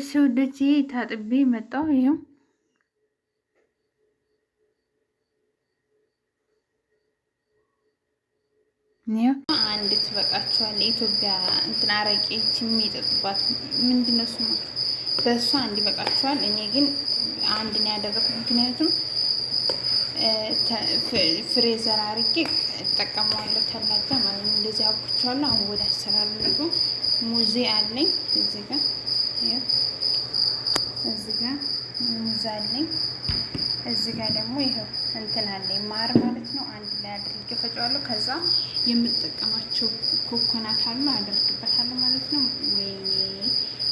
እሺ ውዶቼ ታጥቤ መጣሁ። ይኸው አንድ ትበቃችኋል። የኢትዮጵያ እንትን አረቄች የሚጠጡባት ምንድን ነው እሱማ፣ በእሷ አንድ ይበቃችኋል። እኔ ግን አንድ ነው ያደረኩት፣ ምክንያቱም ፍሬዘር አርጌ እጠቀመዋለሁ። ተላጋ ማለት እንደዚህ አብኩቸዋለሁ። አሁን ወደ አሰራሩ ሙዜ አለኝ እዚህ ጋር እዚህ ጋር ሙዝ አለኝ። እዚህ ጋር ደግሞ ይኸው እንትን አለኝ ማር ማለት ነው። አንድ ላይ አድርጌ ፈጫዋለሁ። ከዛ የምጠቀማቸው ኮኮናት አሉ አደርግበታለሁ ማለት ነው። ወይኔ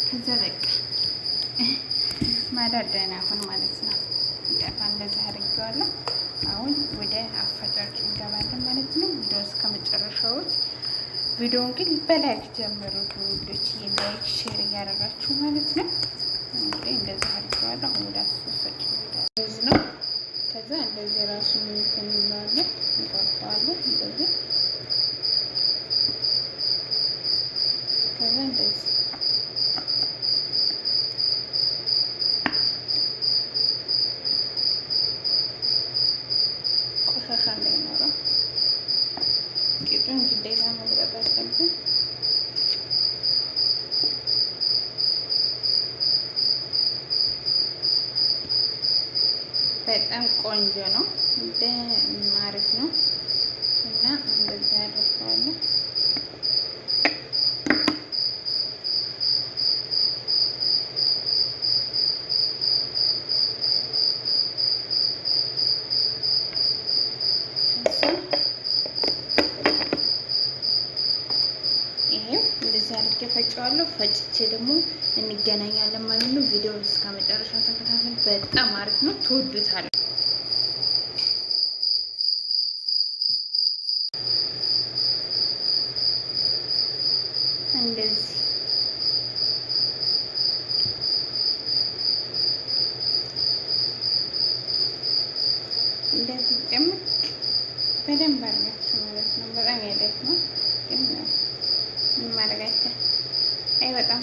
ከዛ በቃ ማዳደን አሁን ማለት ነው። እንደዚህ አድርጌዋለሁ። አሁን ወደ ቪዲዮውን ግን በላይክ ጀምሩ ውዶች፣ ላይክ ሼር እያደረጋችሁ ማለት ነው። እንግዲህ እንደዚህ አድርገዋለሁ። አሁን ወደ አስሶሰጭ ነው። ከዛ እንደዚህ ራሱን እንትን ነው ትወዱታል። እንደዚህ እንደዚህ ጨምቅ በደንብ አድርጋችሁ ማለት ነው። በጣም ያደክማል ግን ምን ማድረግ አይቻልም። አይ በጣም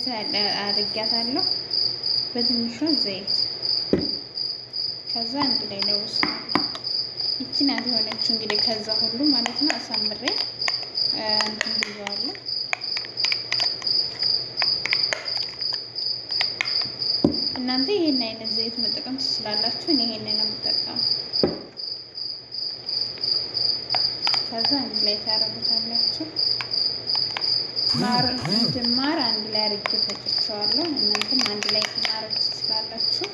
እንደዚህ አድርጊያታለሁ። በትንሿ ዘይት ከዛ አንድ ላይ ለውስ ይቺ ናት የሆነችው እንግዲህ ከዛ ሁሉ ማለት ነው። አሳምሬ እንትን ብየዋለሁ። እናንተ ይሄን አይነት ዘይት መጠቀም ትችላላችሁ። እኔ ይሄንን ነው የምጠቀመው። ከዛ አንድ ላይ ታረጉታላችሁ። ማር ድማር አንድ ላይ አድርጌ ፈጭቸዋለሁ። እናንተም አንድ ላይ ማረግ ትችላላችሁ።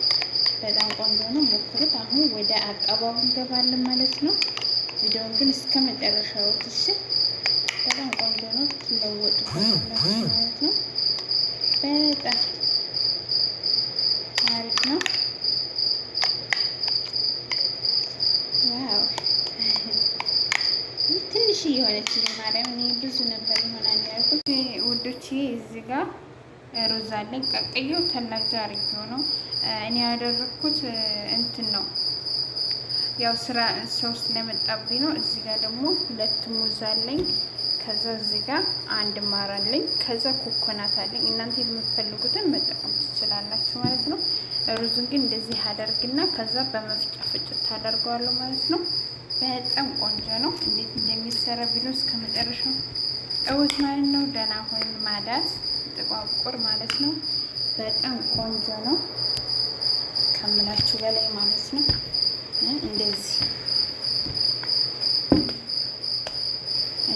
በጣም ቆንጆ ነው፣ ሞክሩት። አሁን ወደ አቀባቡ እንገባለን ማለት ነው። ቪዲዮውን ግን እስከ መጨረሻው ትሽ በጣም ቆንጆ ነው፣ ትለወጡበት ማለት ነው። በጣም ሆነች ማርያም። እኔ ብዙ ነበር ይሆናል ያልኩት ውዶች። እዚህ ጋር ሩዝ አለኝ ቀቅዬ ተላጃ አድርጌው ነው እኔ ያደረግኩት። እንትን ነው ያው ስራ ሰው ስለመጣብኝ ነው። እዚህ ጋር ደግሞ ሁለት ሙዝ አለኝ። ከዛ እዚህ ጋር አንድ ማር አለኝ። ከዛ ኮኮናት አለኝ። እናንተ የምትፈልጉትን መጠቀም ትችላላችሁ ማለት ነው። ሩዙን ግን እንደዚህ አደርግና ከዛ በመፍጫ ፍጭት ታደርገዋለሁ ማለት ነው። በጣም ቆንጆ ነው። እንዴት እንደሚሰራ ቪዲዮ እስከ መጨረሻው እውት ማለት ነው። ደህና ሆይ ማዳስ ጥቋቁር ማለት ነው። በጣም ቆንጆ ነው ከምላችሁ በላይ ማለት ነው። እንደዚህ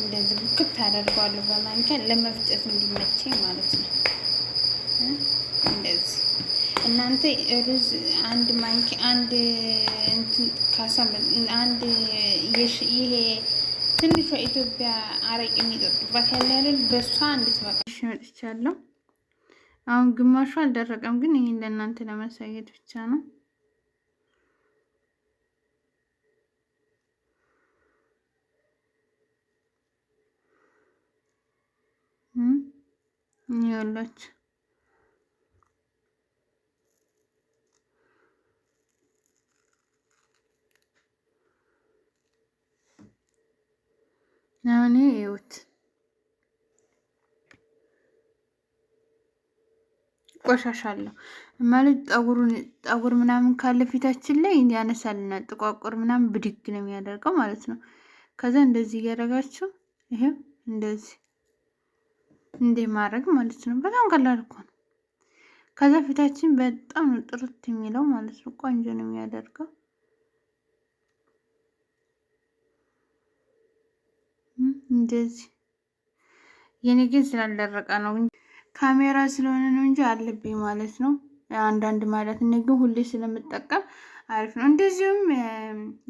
እንደዚህ ብክት አደርገዋለሁ በማንኪያ ለመፍጨት እንዲመቸኝ ማለት ነው። እንደዚህ እናንተ ሩዝ አንድ ማንኪ አንድ ካሳ አንድ ይሄ ትንሿ ኢትዮጵያ አረቅ የሚጠጡባት ያለ ያለን በእሷ እንድትበቃ መጥቻለሁ። አሁን ግማሹ አልደረቀም፣ ግን ይህን ለእናንተ ለማሳየት ብቻ ነው። ይኸውላችሁ አሁን ይኸውት ቆሻሻ አለው ማለት ጠጉሩን ጠጉር ምናምን ካለ ፊታችን ላይ ያነሳልና ጥቋቁር ምናምን ብድግ ነው የሚያደርገው ማለት ነው። ከዛ እንደዚህ እያደረጋችሁ ይሄም እንደዚህ እንዴ ማድረግ ማለት ነው። በጣም ቀላል እኮ ነው። ከዛ ፊታችን በጣም ጥርት የሚለው ማለት ነው። ቆንጆ ነው የሚያደርገው። እንደዚህ የኔ ግን ስላልደረቀ ነው ካሜራ ስለሆነ ነው እንጂ አለብኝ ማለት ነው። አንዳንድ ማለት እኔ ግን ሁሌ ስለምጠቀም አሪፍ ነው። እንደዚሁም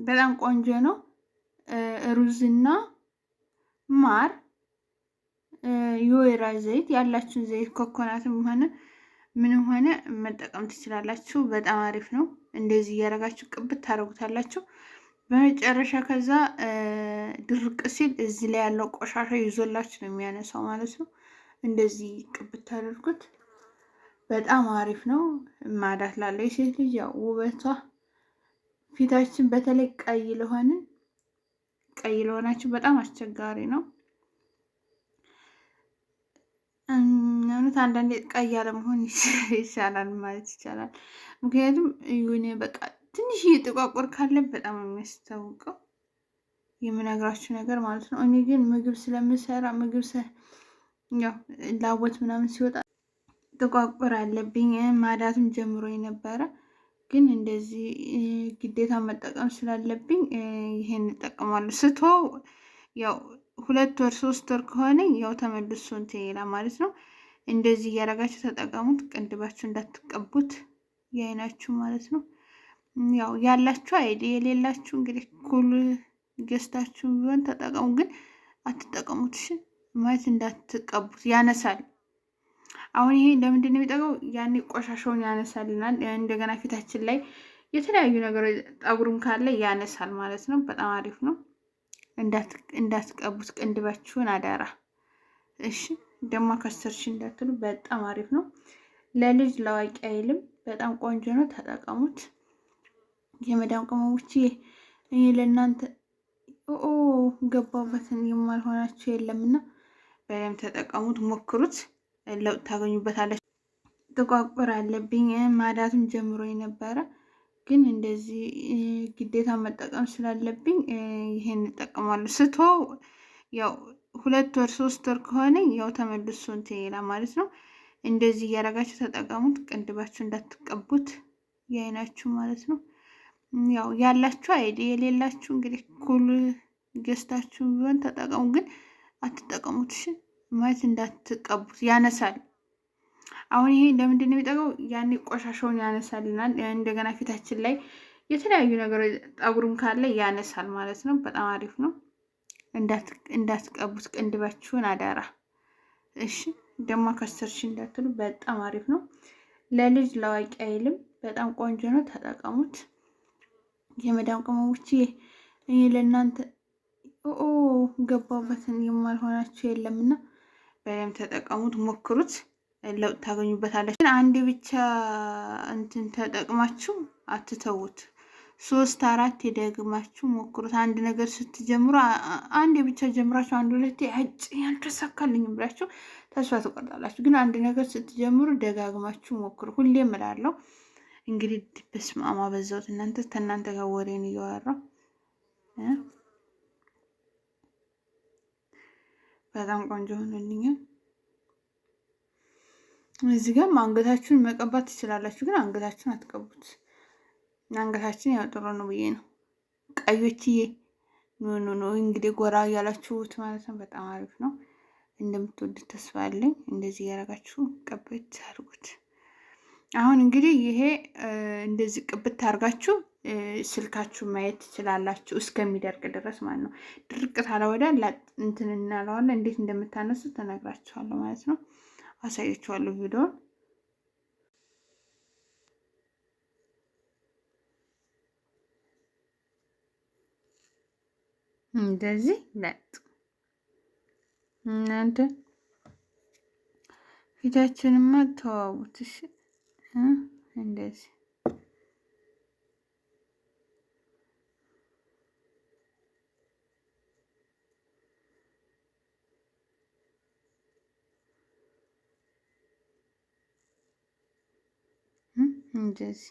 በጣም ቆንጆ ነው። ሩዝና ማር፣ የወይራ ዘይት ያላችሁን ዘይት ኮኮናትም ሆነ ምንም ሆነ መጠቀም ትችላላችሁ። በጣም አሪፍ ነው። እንደዚህ እያደረጋችሁ ቅብት ታደርጉታላችሁ። በመጨረሻ ከዛ ድርቅ ሲል እዚህ ላይ ያለው ቆሻሻ ይዞላችሁ ነው የሚያነሳው ማለት ነው። እንደዚህ ቅብት አድርጉት። በጣም አሪፍ ነው። ማዳት ላለው የሴት ልጅ ያው ውበቷ ፊታችን በተለይ ቀይ ለሆነ ቀይ ለሆናችሁ በጣም አስቸጋሪ ነው። እውነት አንዳንዴ ቀይ አለመሆን ይሻላል ማለት ይቻላል። ምክንያቱም ይሁኔ በቃ ትንሽ እየጠቋቆር ካለን በጣም የሚያስታውቀው የምነግራችሁ ነገር ማለት ነው። እኔ ግን ምግብ ስለምሰራ ምግብ ያው ላቦት ምናምን ሲወጣ ጥቋቁር አለብኝ ማዳትም ጀምሮ የነበረ ግን እንደዚህ ግዴታ መጠቀም ስላለብኝ ይሄን እጠቀማለሁ። ስቶ ያው ሁለት ወር ሶስት ወር ከሆነ ያው ተመልሶ እንትን ይላል ማለት ነው። እንደዚህ እያደረጋችሁ ተጠቀሙት። ቅንድባችሁ እንዳትቀቡት የአይናችሁ ማለት ነው። ያው ያላችሁ አይዲ የሌላችሁ እንግዲህ ኩል ገዝታችሁ ቢሆን ተጠቀሙ፣ ግን አትጠቀሙት። እሺ ማለት እንዳትቀቡት ያነሳል። አሁን ይሄ ለምንድን ነው የሚጠቀው? ያኔ ቆሻሻውን ያነሳልናል። እንደገና ፊታችን ላይ የተለያዩ ነገሮች ጠጉሩም ካለ ያነሳል ማለት ነው። በጣም አሪፍ ነው። እንዳትቀቡት ቅንድባችሁን አዳራ። እሺ ደግሞ ከሰርሽ እንዳትሉ። በጣም አሪፍ ነው። ለልጅ ለአዋቂ አይልም። በጣም ቆንጆ ነው። ተጠቀሙት። የመዳም ቅመሞች እኔ ለእናንተ ኦ ገባበትን የማልሆናችሁ የለምና በደም ተጠቀሙት፣ ሞክሩት፣ ለውጥ ታገኙበታለች። ጥቋቁር አለብኝ ማዳትም ጀምሮ የነበረ ግን እንደዚህ ግዴታ መጠቀም ስላለብኝ ይሄን እጠቀማለሁ። ስቶ ያው ሁለት ወር ሶስት ወር ከሆነ ያው ተመልሶ እንትን ይላል ማለት ነው። እንደዚህ እያደረጋችሁ ተጠቀሙት። ቅንድባችሁ እንዳትቀቡት የአይናችሁ ማለት ነው። ያው ያላችሁ አይዲ የሌላችሁ እንግዲህ ኩል ገዝታችሁ ቢሆን ተጠቀሙ። ግን አትጠቀሙት፣ እሺ ማለት እንዳትቀቡት፣ ያነሳል። አሁን ይሄ ለምንድን ነው የሚጠቀው? ያኔ ቆሻሻውን ያነሳልናል። እንደገና ፊታችን ላይ የተለያዩ ነገሮች ጠጉሩም ካለ ያነሳል ማለት ነው። በጣም አሪፍ ነው። እንዳትቀቡት ቅንድባችሁን አዳራ። እሺ ደግሞ ከሰርሽ እንዳትሉ፣ በጣም አሪፍ ነው። ለልጅ ለአዋቂ አይልም። በጣም ቆንጆ ነው። ተጠቀሙት። የመዳም ቅመሞቼ እኔ ለእናንተ ኦ ገባበትን የማልሆናችሁ የለምና በደምብ ተጠቀሙት፣ ሞክሩት፣ ለውጥ ታገኙበታላችሁ። አንድ ብቻ እንትን ተጠቅማችሁ አትተዉት። ሶስት አራት የደግማችሁ ሞክሩት። አንድ ነገር ስትጀምሩ አንድ ብቻ ጀምራችሁ አንድ ሁለት ያጭ ያልተሳካልኝም ብላችሁ ተስፋ ትቆርጣላችሁ። ግን አንድ ነገር ስትጀምሩ ደጋግማችሁ ሞክሩ። ሁሌም እላለሁ። እንግዲህ በስመ አብ አበዛሁት። እናንተ ከእናንተ ጋር ወሬን እያወራሁ በጣም ቆንጆ ሆኖልኛል። እዚህ ጋር አንገታችሁን መቀባት ትችላላችሁ፣ ግን አንገታችሁን አትቀቡት። አንገታችን ያው ጥሩ ነው ብዬ ነው። ቀዮችዬ ኖ ኖ ኖ እንግዲህ ጎራ እያላችሁት ማለት ነው። በጣም አሪፍ ነው። እንደምትወዱት ተስፋ አለኝ። እንደዚህ እያደረጋችሁ ቀበት አድርጉት። አሁን እንግዲህ ይሄ እንደዚህ ቅብት አርጋችሁ ስልካችሁ ማየት ትችላላችሁ እስከሚደርቅ ድረስ ማለት ነው። ድርቅ ታለ ወዲያ እንትን እናለዋለን። እንዴት እንደምታነሱ ተነግራችኋለሁ ማለት ነው። አሳያችኋለሁ ቪዲዮን እንደዚህ ለጥ እናንተ ፊታችንማ ተዋቡት። እንደዚህ እንደዚህ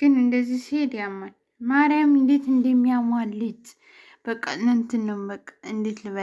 ግን እንደዚህ ሲሄድ ያማል። ማርያም እንዴት እንደሚያሟልት በቃ እንትን ነው በቃ እንዴት ልበል